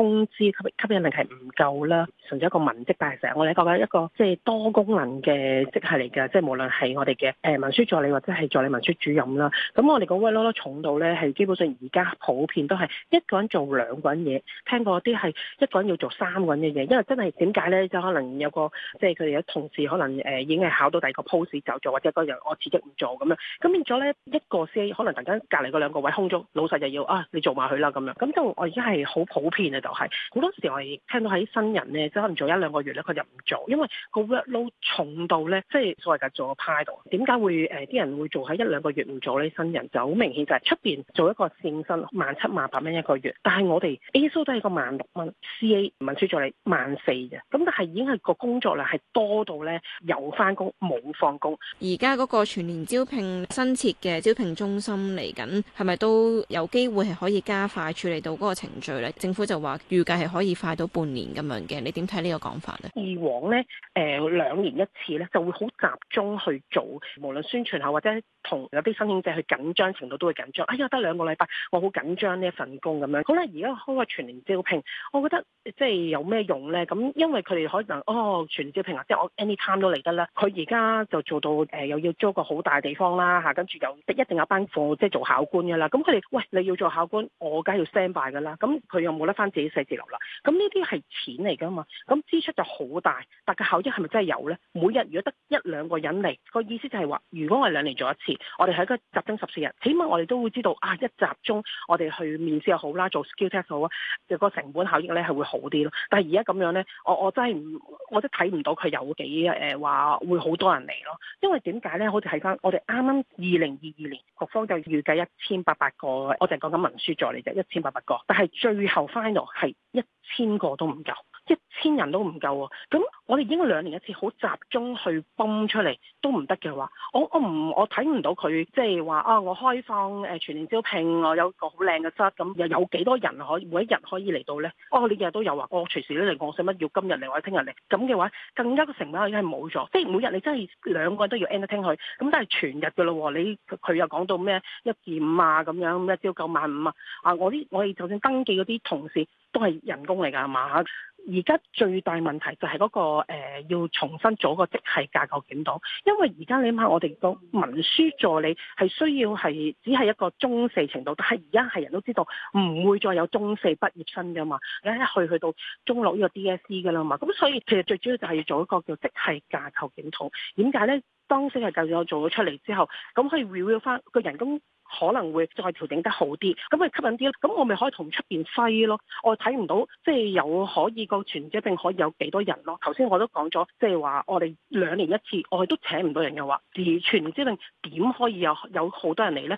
工資吸吸引力係唔夠啦，甚至一個文職，但係成日我哋一個一個即係多功能嘅職系嚟嘅，即係無論係我哋嘅誒文書助理或者係助理文書主任啦。咁我哋個屈羅羅重到呢係基本上而家普遍都係一個人做兩個人嘢，聽過啲係一個人要做三個人嘅嘢，因為真係點解呢？就可能有個即係佢哋嘅同事可能誒已經係考到第二個 post 走咗，或者個由我辭職唔做咁樣。咁變咗呢一個司可能突然間隔離嗰兩個位空咗，老實就要啊你做埋佢啦咁樣。咁都我而家係好普遍啊。係好多時我係聽到喺新人咧，即可能做一兩個月咧，佢就唔做，因為個 workload 重到咧，即係所謂嘅做派度。點解會誒啲人會做喺一兩個月唔做咧？新人就好明顯就係出邊做一個正薪萬七萬八蚊一個月，但係我哋 A 蘇都係個萬六蚊，C A 文書助理萬四嘅，咁但係已經係個工作量係多到咧，有翻工冇放工。而家嗰個全年招聘新設嘅招聘中心嚟緊，係咪都有機會係可以加快處理到嗰個程序咧？政府就話。預計係可以快到半年咁樣嘅，你點睇呢個講法咧？以往咧，誒、呃、兩年一次咧，就會好集中去做，無論宣傳吓，或者同有啲申請者去緊張程度都會緊張。哎呀，得兩個禮拜，我好緊張呢一份工咁樣。好啦，而家開個全年招聘，我覺得即係有咩用咧？咁因為佢哋可能哦全年招聘啊，即係我 anytime 都嚟得啦。佢而家就做到誒又、呃、要租個好大地方啦嚇，跟住又一定有班課即係做考官㗎啦。咁佢哋喂，你要做考官，我梗係要 standby 㗎啦。咁佢又冇得翻？俾寫字樓啦，咁呢啲係錢嚟噶嘛，咁支出就好大，但個效益係咪真係有咧？每日如果得一兩個人嚟，個意思就係話，如果我哋兩年做一次，我哋喺個集中十四日，起碼我哋都會知道啊，一集中我哋去面試又好啦，做 skill test 好啊，個成本效益咧係會好啲咯。但係而家咁樣咧，我我真係唔，我都睇唔到佢有幾誒話、呃、會好多人嚟咯。因為點解咧？好似睇翻我哋啱啱二零二二年，局方就預計一千八百個，我淨係講緊文書助理就一千八百個，但係最後 final。係一千個都唔夠。一千人都唔夠喎，咁我哋已經兩年一次好集中去崩出嚟都唔得嘅話，我我唔我睇唔到佢即係話啊！我開放誒全年招聘，我有個好靚嘅室，咁又有幾多人可以每一日可以嚟到呢？哦，你日日都有話、啊哦，我隨時嚟，我使乜要今日嚟，或者聽日嚟，咁嘅話更加嘅成本已經係冇咗，即係每日你真係兩個人都要 end 得清佢，d 咁都係全日嘅咯喎，你佢又講到咩一至五啊咁樣，咩朝九晚五啊！啊，我啲我哋就算登記嗰啲同事都係人工嚟㗎係嘛？而家最大問題就係嗰、那個、呃、要重新做個職系架構檢討，因為而家你諗下我哋個文書助理係需要係只係一個中四程度，但係而家係人都知道唔會再有中四畢業生噶嘛，你一去去到中六呢個 DSE 噶啦嘛，咁所以其實最主要就係要做一個叫職系架構檢討，點解咧？當時係舊咗做咗出嚟之後，咁可以 review 翻個人工可能會再調整得好啲，咁咪吸引啲咯。咁我咪可以同出邊揮咯。我睇唔到即係有可以個全年聘可以有幾多人咯。頭先我都講咗，即係話我哋兩年一次，我哋都請唔到人又話，而全年聘點可以有有好多人嚟咧？